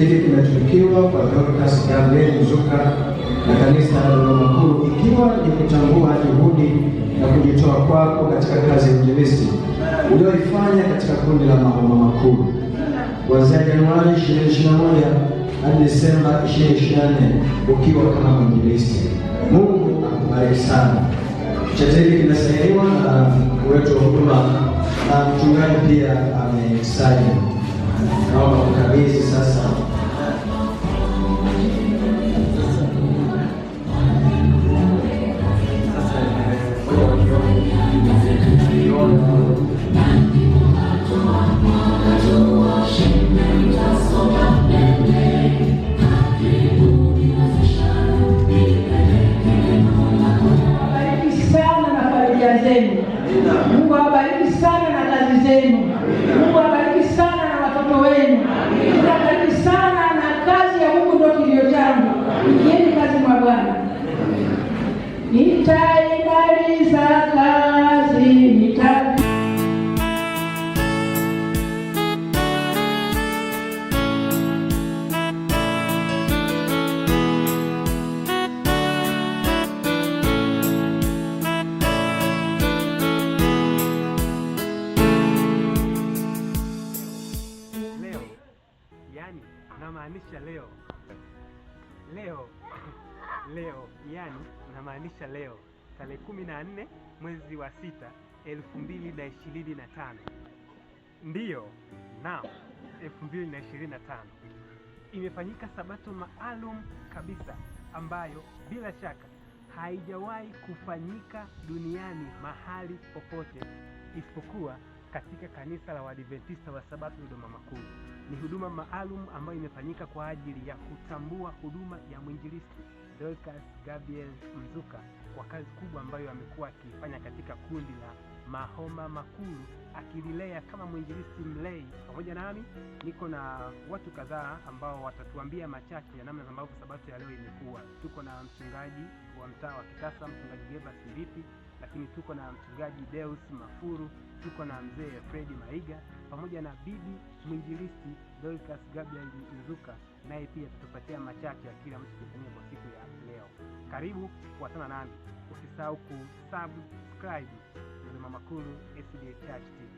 hiki kimetumikiwa kwa Dorcas Gabriel Mzuka na kanisa la Dodoma Kuu, ikiwa ni kutambua juhudi na kujitoa kwako katika kazi ya uinjilisti ulioifanya katika kundi la Mahoma Makuu kuanzia Januari 2021 hadi Desemba 2024 ukiwa kama mwinjilisti. Mungu akubariki sana. Cheti hiki na wetu wa huduma na mchungaji pia amesaini. Naomba kukabidhi sasa nitaimaliza kazi nita leo, yani namaanisha leo leo leo, yani namaanisha leo tarehe kumi na nne mwezi wa sita elfu mbili na ishirini na tano ndiyo na elfu mbili na ishirini na tano imefanyika sabato maalum kabisa ambayo bila shaka haijawahi kufanyika duniani mahali popote isipokuwa katika kanisa la Waadventista wa Sabato Dodoma Makulu. Ni huduma maalum ambayo imefanyika kwa ajili ya kutambua huduma ya mwinjilisti Dorcas Gabriel Mzuka kwa kazi kubwa ambayo amekuwa akifanya katika kundi la Mahoma Makulu, akililea kama mwinjilisti mlei. Pamoja nami niko na watu kadhaa ambao watatuambia machache ya namna ambavyo sabato ya leo imekuwa. Tuko na mchungaji wa mtaa wa Kitasa, mchungaji Gebas Mbipi, lakini tuko na mchungaji Deus Mafuru, tuko na mzee Fredi Maiga pamoja na bibi mwinjilisti Dorcas Gabriel Mzuka naye pia tutupatia machache ya kila mtu kutumia kwa siku ya leo. Karibu kuwatana nami, usisahau kusubscribe Mama Makulu SDA Church TV.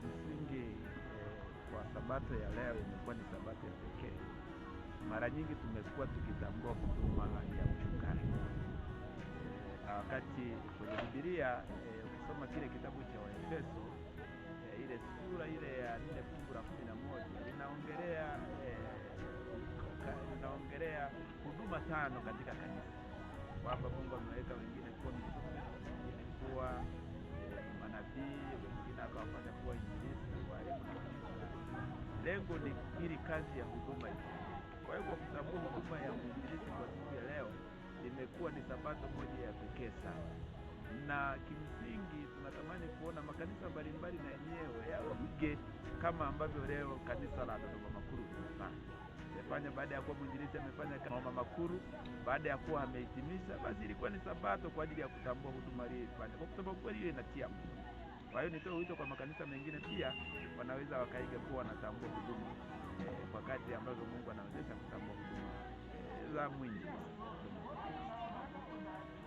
Kimsingi uh, kwa sabato ya leo imekuwa ni sabato ya pekee. Mara nyingi tumekuwa tukitambua huduma ya mchungaji eh, wakati kwenye Biblia eh, ukisoma kile kitabu cha Waefeso ile sura ile ya nne fungu la kumi na moja linaongelea tunaongelea huduma tano katika kanisa, kwamba Mungu ameweka wengine kuwa wengine kuwa manabii, wengine akawafanya kuwa injilisti, walimu. Lengo ni ili kazi ya huduma hii. Kwa hiyo, kwa sababu huduma ya uinjilisti kwa siku ya leo imekuwa ni sabato moja ya pekee sana, na kimsingi tunatamani kuona makanisa mbalimbali na yenyewe yaige kama ambavyo leo kanisa la Dodoma Makuru linafanya amefanya baada ya kuwa mwinjilisti amefanya kama makuru, baada ya kuwa amehitimisha, basi ilikuwa ni sabato kwa ajili ya kutambua huduma aliyoifanya. Kwa sababu kweli, hiyo inatia mtu. Kwa hiyo nitoe wito kwa makanisa mengine pia, wanaweza wakaiga kuwa wanatambua huduma eh, kwa kati ambazo Mungu anawezesha kutambua huduma eh, za mwinjilisti.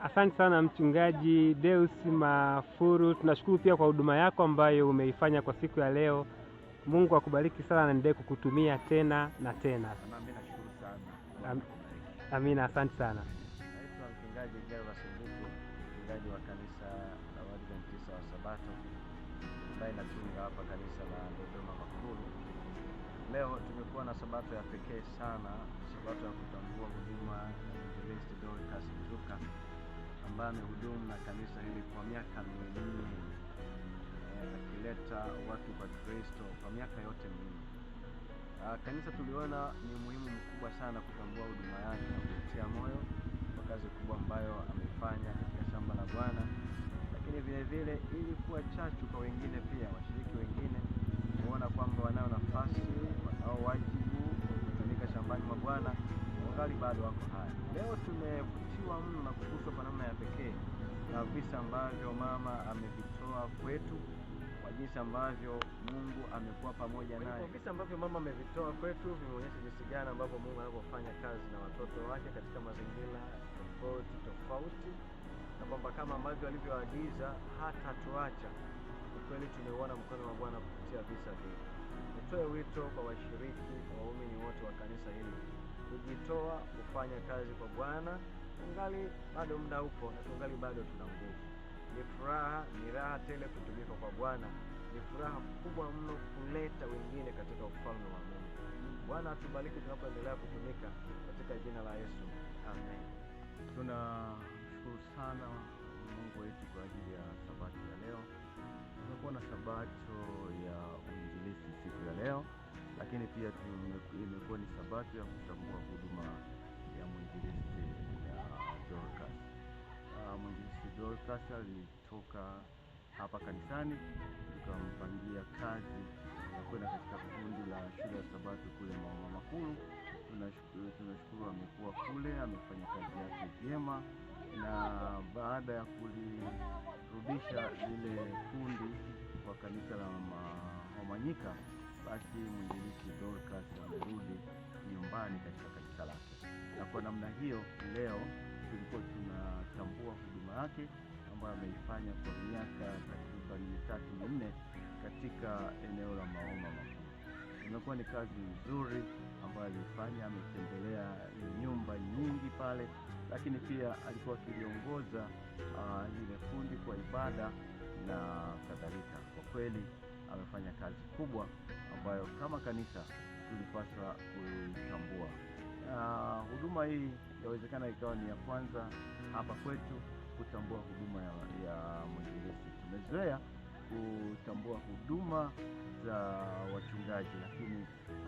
Asante sana Mchungaji Deus Mafuru, tunashukuru pia kwa huduma yako ambayo umeifanya kwa siku ya leo. Mungu akubariki sana na niendelee kukutumia tena na tena. Amina, asante sana. Naitwa mchungaji Gerva wa kanisa la Waadventista wa Sabato ambaye nachunga hapa kanisa la Dodoma Makulu. Leo tumekuwa na sabato ya pekee sana, sabato ya kutambua huduma ya Injilisti Dorcas Nzuka ambaye amehudumu na kanisa hili kwa miaka minne akileta watu kwa Kristo kwa miaka yote mingi. Ah, kanisa tuliona ni umuhimu mkubwa sana kutambua huduma yake na kutia moyo kwa kazi kubwa ambayo ameifanya katika shamba la Bwana, lakini vile vile ili kuwa chachu kwa wengine pia, washiriki wengine kuona kwamba wanayo nafasi au wajibu kutumika shambani mwa Bwana wangali bado wako hai. Leo tumevutiwa mno na kuguswa kwa namna ya pekee na visa ambavyo mama amevitoa kwetu jinsi ambavyo Mungu amekuwa pamoja naye. Visa ambavyo mama amevitoa kwetu vimeonyesha jinsi gani ambavyo Mungu anavyofanya kazi na watoto wake katika mazingira tofauti tofauti, na kwamba kama ambavyo alivyoagiza hata tuacha. Ukweli tumeuona mkono wa Bwana kupitia visa hivi. Nitoe wito kwa washiriki, waumini wote wa kanisa hili kujitoa kufanya kazi kwa Bwana. ungali bado muda upo na tungali bado tuna nguvu. Ni furaha, ni raha tele kutumika kwa Bwana ni furaha kubwa mno kuleta wengine katika ufalme wa Mungu. Bwana atubariki tunapoendelea kutumika katika jina la Yesu, amen. Tunashukuru sana Mungu wetu kwa ajili ya sabato ya leo. Tumekuwa na sabato ya uinjilisti siku ya leo, lakini pia imekuwa ni sabato ya kutambua huduma ya mwinjilisti ya Dorcas. Ah, mwinjilisti Dorcas alitoka hapa kanisani, tukampangia kazi ya kwenda katika kundi la shule ya Sabato kule maoma Makulu. Tunashukuru, amekuwa kule, amefanya kazi yake vyema, na baada ya kulirudisha lile kundi kwa kanisa la Wamanyika, basi mwinjilisi Dorcas amerudi nyumbani katika kanisa lake, na kwa namna hiyo leo tulikuwa tunatambua huduma yake ambayo ameifanya kwa miaka takriban mitatu minne katika eneo la maoma Makuu. Imekuwa ni kazi nzuri ambayo alifanya, ametembelea nyumba nyingi pale, lakini pia alikuwa akiliongoza ah, lile uh, kundi kwa ibada na kadhalika. Kwa kweli amefanya kazi kubwa ambayo kama kanisa tulipaswa kuitambua. Uh, huduma hii yawezekana ikawa ni ya kwanza hapa kwetu kutambua huduma ya, ya mwinjilisti. Tumezoea kutambua huduma za wachungaji, lakini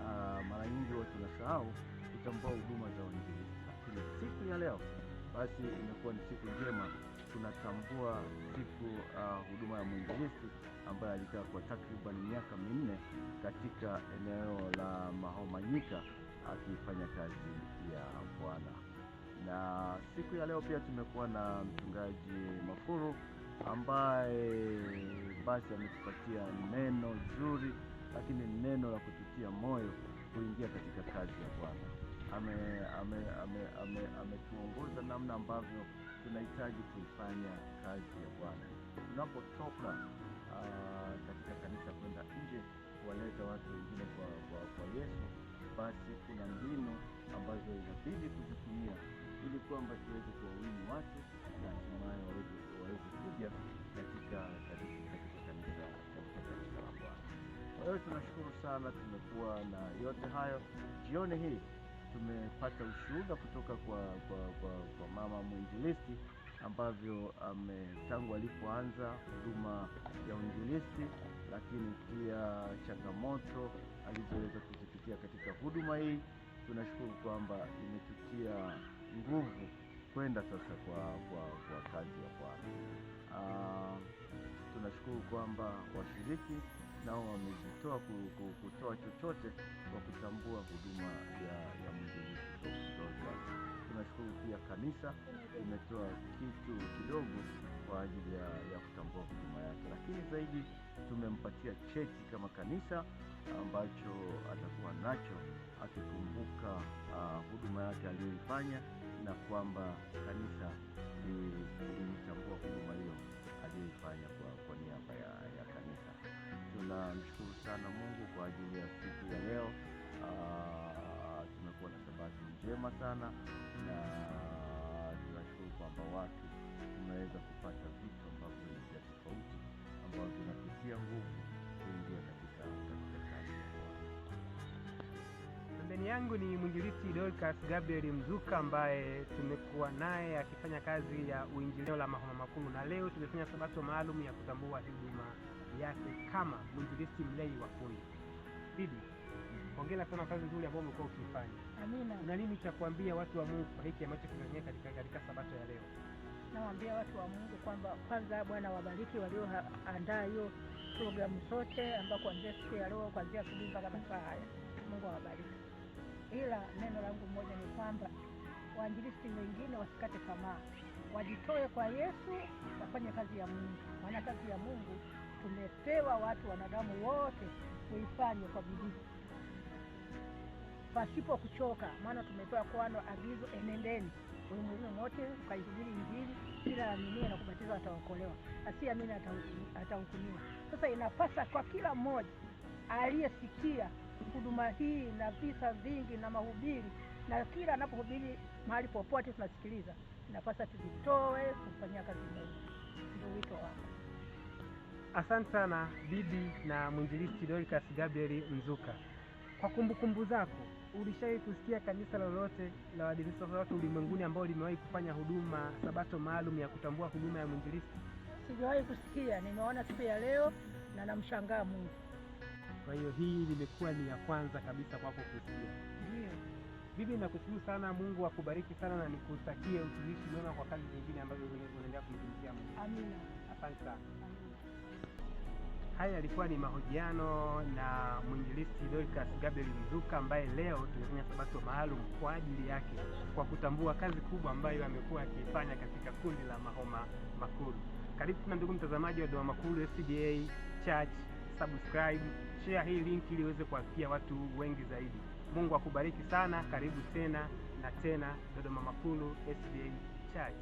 uh, mara nyingi huwa tunasahau kutambua huduma za wainjilisti. Lakini siku ya leo basi imekuwa ni siku njema, tunatambua siku uh, huduma ya mwinjilisti ambaye alikaa kwa takriban miaka minne katika eneo la Mahomanyika akifanya kazi ya Bwana na siku ya leo pia tumekuwa na mchungaji Mafuru ambaye basi ametupatia neno zuri, lakini neno la kututia moyo kuingia katika kazi ya Bwana. Ametuongoza ame, ame, ame namna ambavyo tunahitaji kuifanya kazi ya Bwana tunapotoka ah, katika kanisa kwenda nje kuwaleta watu wengine kwa, kwa, kwa Yesu, basi kuna mbinu ambazo inabidi kuzitumia ili kwamba tuweze kuwawini watu na hatimaye waweze kuja katika kanisa la Bwana. Kwa hiyo tunashukuru sana, tumekuwa na yote hayo. Jioni hii tumepata ushuhuda kutoka kwa, kwa, kwa, kwa mama mwinjilisti ambavyo ame tangu alipoanza huduma ya uinjilisti, lakini pia changamoto alizoweza kuzipitia katika huduma hii. Tunashukuru kwamba imetutia nguvu kwenda sasa kwa kwa, kwa kazi ya kwao. Uh, ah, tunashukuru kwamba washiriki nao wamejitoa kutoa chochote kwa kutambua huduma ya, ya Mwinjilisti Tunashukuru pia kanisa imetoa kitu kidogo kwa ajili ya, ya kutambua huduma yake, lakini zaidi tumempatia cheti kama kanisa ambacho atakuwa nacho akikumbuka uh, huduma yake aliyoifanya na kwamba kanisa lilimtambua huduma hiyo aliyoifanya kwa, kwa niaba ya, ya kanisa. Tunamshukuru sana Mungu kwa ajili ya siku ya leo. Ah, tumekuwa na sabati njema sana na tunashukuru kwamba watu tumeweza kupata vitu ambavyo ni vya tofauti ambavyo tunapitia nguvu Jirani yangu ni mwinjilisti Dorcas Gabriel Mzuka ambaye tumekuwa naye akifanya kazi ya uinjilio la mahoma makuu, na leo tumefanya sabato maalum ya kutambua huduma yake kama mwinjilisti mlei wa kundi. Bibi, hongera sana kazi nzuri ambayo umekuwa ukifanya. Amina. Una nini cha kuambia watu wa Mungu kwa hiki ambacho kinafanyika katika, katika sabato ya leo? Nawaambia watu wa Mungu kwamba kwanza Bwana wabariki walioandaa hiyo programu zote ambao kuanzia siku ya leo kuanzia asubuhi mpaka masaa haya. Mungu awabariki ila neno langu mmoja ni kwamba wainjilisti wengine wasikate tamaa, wajitoe kwa Yesu, wafanye kazi ya Mungu, maana kazi ya Mungu tumepewa watu wanadamu wote kuifanya kwa bidii pasipo kuchoka, maana tumepewa kwano agizo, enendeni ulimwenguni mote ukaihubiri Injili, kila aminie na kubatizwa ataokolewa, asiyeamini atahukumiwa. Sasa inapasa kwa kila mmoja aliyesikia huduma hii na visa vingi na mahubiri, na kila anapohubiri mahali popote tunasikiliza, inapasa tujitoe kufanyia kazi Mungu. Ndio wito wangu. Asante sana bibi na mwinjilisti Dorcas Gabriel Mzuka kwa kumbukumbu zako. Ulishawahi kusikia kanisa lolote la Waadventista wote ulimwenguni ambao limewahi kufanya huduma sabato maalum ya kutambua huduma ya mwinjilisti? Sijawahi kusikia, nimeona siku ya leo na namshangaa Mungu. Kwa hiyo hii limekuwa ni ya kwanza kabisa kwako kusikia. Ndio. Bibi, nakushukuru sana. Mungu akubariki sana na nikutakie utumishi mwema kwa kazi nyingine ambazo unaendelea kumtumikia Mungu. Amina. Asante sana. Haya yalikuwa ni mahojiano na mwinjilisti Dorcas Gabriel Mzuka ambaye leo tumefanya sabato maalum kwa ajili yake kwa kutambua kazi kubwa ambayo amekuwa akiifanya katika kundi la Mahoma Makulu. Karibu na ndugu mtazamaji wa Dodoma Makulu SDA Church subscribe, share hii link ili iweze kuwafikia watu wengi zaidi. Mungu akubariki sana. Karibu tena na tena Dodoma Makulu SDA Church.